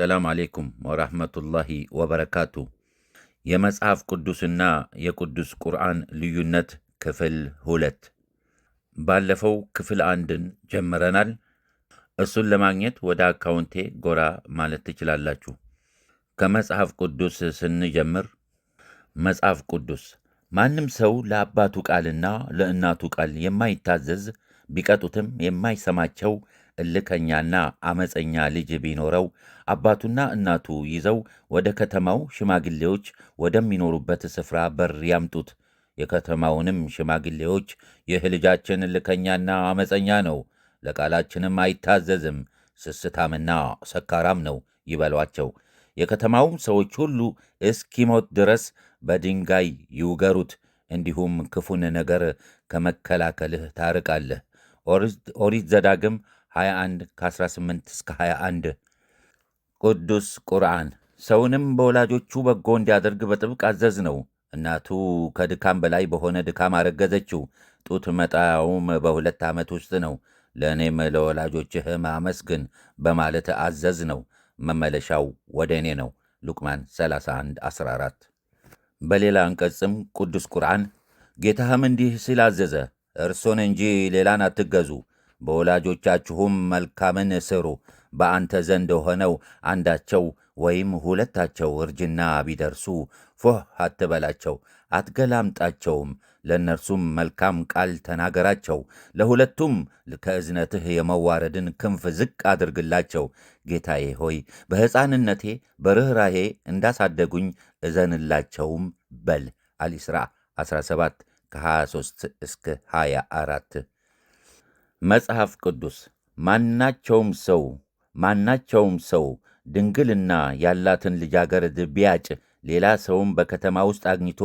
ሰላም አሌይኩም ወራህመቱላሂ ወበረካቱ። የመጽሐፍ ቅዱስና የቅዱስ ቁርአን ልዩነት ክፍል ሁለት። ባለፈው ክፍል አንድን ጀምረናል። እሱን ለማግኘት ወደ አካውንቴ ጎራ ማለት ትችላላችሁ። ከመጽሐፍ ቅዱስ ስንጀምር መጽሐፍ ቅዱስ ማንም ሰው ለአባቱ ቃልና ለእናቱ ቃል የማይታዘዝ ቢቀጡትም የማይሰማቸው እልከኛና አመፀኛ ልጅ ቢኖረው አባቱና እናቱ ይዘው ወደ ከተማው ሽማግሌዎች ወደሚኖሩበት ስፍራ በር ያምጡት። የከተማውንም ሽማግሌዎች ይህ ልጃችን እልከኛና አመፀኛ ነው፣ ለቃላችንም አይታዘዝም፣ ስስታምና ሰካራም ነው ይበሏቸው። የከተማውም ሰዎች ሁሉ እስኪሞት ድረስ በድንጋይ ይውገሩት። እንዲሁም ክፉን ነገር ከመከላከልህ ታርቃለህ። ኦሪት ዘዳግም 21 ከ18 እስከ 21 ቅዱስ ቁርአን ሰውንም በወላጆቹ በጎ እንዲያደርግ በጥብቅ አዘዝ ነው። እናቱ ከድካም በላይ በሆነ ድካም አረገዘችው። ጡት መጣያውም በሁለት ዓመት ውስጥ ነው። ለእኔም ለወላጆችህም አመስግን በማለት አዘዝ ነው። መመለሻው ወደ እኔ ነው። ሉቅማን 31 14 በሌላ አንቀጽም ቅዱስ ቁርአን ጌታህም እንዲህ ሲል አዘዘ፣ እርሱን እንጂ ሌላን አትገዙ በወላጆቻችሁም መልካምን ስሩ። በአንተ ዘንድ ሆነው አንዳቸው ወይም ሁለታቸው እርጅና ቢደርሱ ፎህ አትበላቸው፣ አትገላምጣቸውም። ለእነርሱም መልካም ቃል ተናገራቸው። ለሁለቱም ከእዝነትህ የመዋረድን ክንፍ ዝቅ አድርግላቸው። ጌታዬ ሆይ በሕፃንነቴ በርኅራሄ እንዳሳደጉኝ እዘንላቸውም በል። አልኢስራ 17 ከ23 እስከ 24 መጽሐፍ ቅዱስ ማናቸውም ሰው ማናቸውም ሰው ድንግልና ያላትን ልጃገረድ ቢያጭ ሌላ ሰውም በከተማ ውስጥ አግኝቶ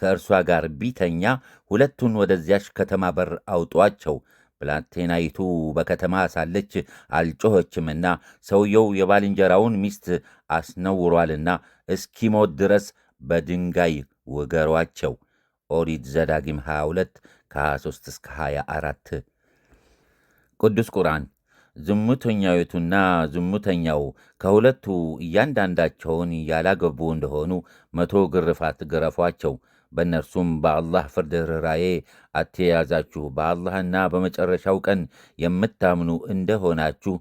ከእርሷ ጋር ቢተኛ ሁለቱን ወደዚያች ከተማ በር አውጧቸው። ብላቴናይቱ በከተማ ሳለች አልጮኸችምና ሰውየው የባልንጀራውን ሚስት አስነውሯልና እስኪሞት ድረስ በድንጋይ ውገሯቸው። ኦሪት ዘዳግም 22 ከ23 እስከ 24 ቅዱስ ቁርአን ዝሙተኛዊቱና ዝሙተኛው ከሁለቱ እያንዳንዳቸውን ያላገቡ እንደሆኑ መቶ ግርፋት ገረፏቸው። በእነርሱም በአላህ ፍርድ ርኅራዬ አትያዛችሁ፣ በአላህና በመጨረሻው ቀን የምታምኑ እንደሆናችሁ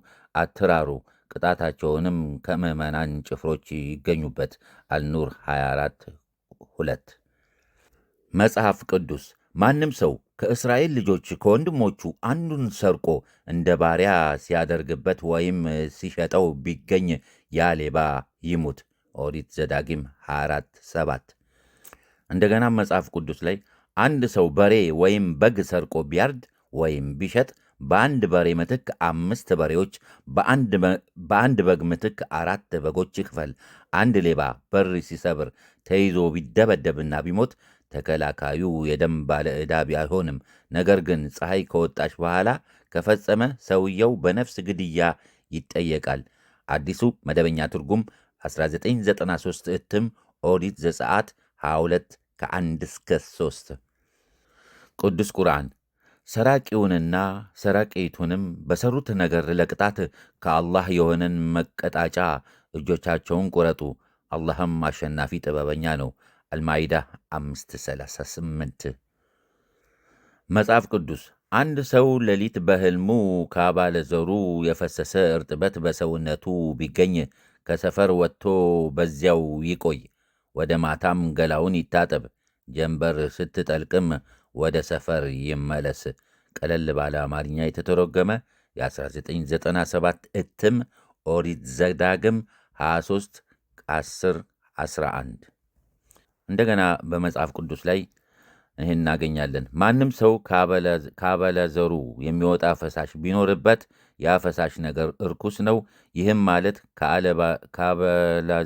አትራሩ። ቅጣታቸውንም ከምዕመናን ጭፍሮች ይገኙበት። አልኑር 24 ሁለት መጽሐፍ ቅዱስ ማንም ሰው ከእስራኤል ልጆች ከወንድሞቹ አንዱን ሰርቆ እንደ ባሪያ ሲያደርግበት ወይም ሲሸጠው ቢገኝ ያ ሌባ ይሙት። ኦሪት ዘዳግም 24 7 እንደገና መጽሐፍ ቅዱስ ላይ አንድ ሰው በሬ ወይም በግ ሰርቆ ቢያርድ ወይም ቢሸጥ በአንድ በሬ ምትክ አምስት በሬዎች በአንድ በግ ምትክ አራት በጎች ይክፈል። አንድ ሌባ በር ሲሰብር ተይዞ ቢደበደብና ቢሞት ተከላካዩ የደም ባለ ዕዳ ቢሆንም ነገር ግን ፀሐይ ከወጣች በኋላ ከፈጸመ ሰውየው በነፍስ ግድያ ይጠየቃል። አዲሱ መደበኛ ትርጉም 1993 እትም ኦሪት ዘጸአት 22 ከ1 እስከ 3። ቅዱስ ቁርአን ሰራቂውንና ሰራቂቱንም በሰሩት ነገር ለቅጣት ከአላህ የሆነን መቀጣጫ እጆቻቸውን ቁረጡ፣ አላህም አሸናፊ ጥበበኛ ነው። አልማይዳ 538 መጽሐፍ ቅዱስ አንድ ሰው ሌሊት በሕልሙ ከአባለ ዘሩ የፈሰሰ እርጥበት በሰውነቱ ቢገኝ ከሰፈር ወጥቶ በዚያው ይቆይ፣ ወደ ማታም ገላውን ይታጠብ፣ ጀንበር ስትጠልቅም ወደ ሰፈር ይመለስ። ቀለል ባለ አማርኛ የተተረጎመ የ1997 እትም ኦሪት ዘዳግም 23 10 11 እንደገና በመጽሐፍ ቅዱስ ላይ ይህን እናገኛለን። ማንም ሰው ካበለ ዘሩ የሚወጣ ፈሳሽ ቢኖርበት ያ ፈሳሽ ነገር እርኩስ ነው። ይህም ማለት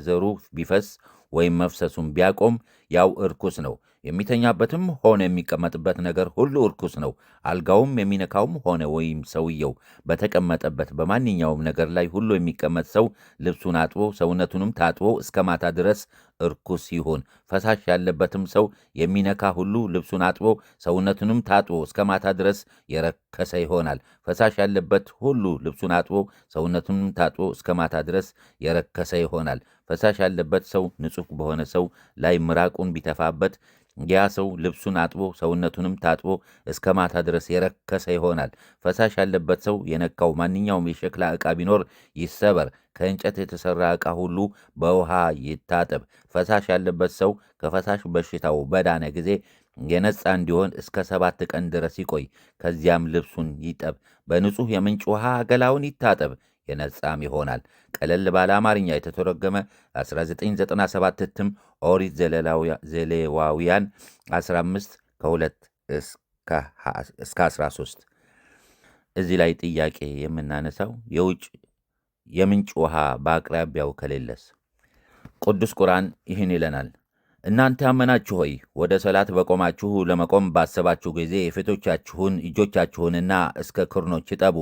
ዘሩ ቢፈስ ወይም መፍሰሱን ቢያቆም ያው እርኩስ ነው። የሚተኛበትም ሆነ የሚቀመጥበት ነገር ሁሉ እርኩስ ነው። አልጋውም የሚነካውም ሆነ ወይም ሰውየው በተቀመጠበት በማንኛውም ነገር ላይ ሁሉ የሚቀመጥ ሰው ልብሱን አጥቦ ሰውነቱንም ታጥቦ እስከ ማታ ድረስ እርኩስ ይሁን። ፈሳሽ ያለበትም ሰው የሚነካ ሁሉ ልብሱን አጥቦ ሰውነቱንም ታጥቦ እስከ ማታ ድረስ የረከሰ ይሆናል። ፈሳሽ ያለበት ሁሉ ልብሱን አጥቦ ሰውነቱንም ታጥቦ እስከ ማታ ድረስ የረከሰ ይሆናል። ፈሳሽ ያለበት ሰው ንጹሕ በሆነ ሰው ላይ ምራቁን ቢተፋበት ያ ሰው ልብሱን አጥቦ ሰውነቱንም ታጥቦ እስከ ማታ ድረስ የረከሰ ይሆናል። ፈሳሽ ያለበት ሰው የነካው ማንኛውም የሸክላ ዕቃ ቢኖር ይሰበር፣ ከእንጨት የተሠራ ዕቃ ሁሉ በውሃ ይታጠብ። ፈሳሽ ያለበት ሰው ከፈሳሽ በሽታው በዳነ ጊዜ የነፃ እንዲሆን እስከ ሰባት ቀን ድረስ ይቆይ። ከዚያም ልብሱን ይጠብ፣ በንጹሕ የምንጭ ውሃ ገላውን ይታጠብ፣ የነጻም ይሆናል። ቀለል ባለ አማርኛ የተተረጎመ 1997 እትም ኦሪት ዘሌዋውያን 15 ከ2 እስከ 13። እዚህ ላይ ጥያቄ የምናነሳው የውጭ የምንጭ ውሃ በአቅራቢያው ከሌለስ? ቅዱስ ቁርአን ይህን ይለናል። እናንተ ያመናችሁ ሆይ ወደ ሰላት በቆማችሁ ለመቆም ባሰባችሁ ጊዜ ፊቶቻችሁን እጆቻችሁንና እስከ ክርኖች እጠቡ፣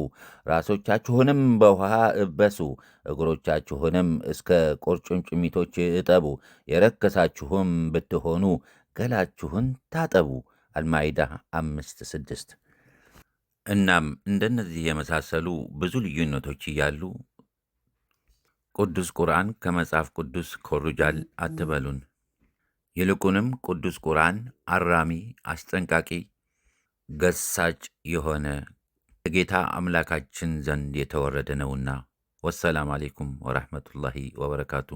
ራሶቻችሁንም በውሃ እበሱ፣ እግሮቻችሁንም እስከ ቁርጭምጭሚቶች እጠቡ፣ የረከሳችሁም ብትሆኑ ገላችሁን ታጠቡ። አልማይዳ አምስት ስድስት። እናም እንደነዚህ የመሳሰሉ ብዙ ልዩነቶች እያሉ ቅዱስ ቁርአን ከመጽሐፍ ቅዱስ ኮሩጃል አትበሉን። ይልቁንም ቅዱስ ቁርአን አራሚ፣ አስጠንቃቂ፣ ገሳጭ የሆነ ጌታ አምላካችን ዘንድ የተወረደ ነውና። ወሰላም አሌይኩም ወረሕመቱላሂ ወበረካቱ።